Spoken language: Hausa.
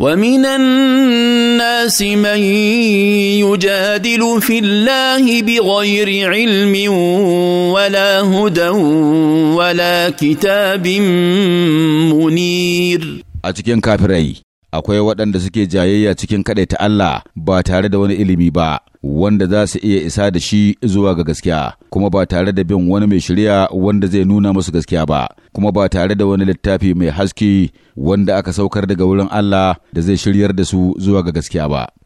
ومن الناس من يجادل في الله بغير علم ولا هدى ولا كتاب منير akwai waɗanda suke jayayya cikin kaɗai ta Allah ba tare da wani ilimi ba, wanda za su iya isa da shi zuwa ga gaskiya, kuma ba tare da bin wani mai shirya wanda zai nuna musu gaskiya ba, kuma ba tare da wani littafi mai haske wanda aka saukar daga wurin Allah da zai shiryar da su zuwa ga gaskiya ba.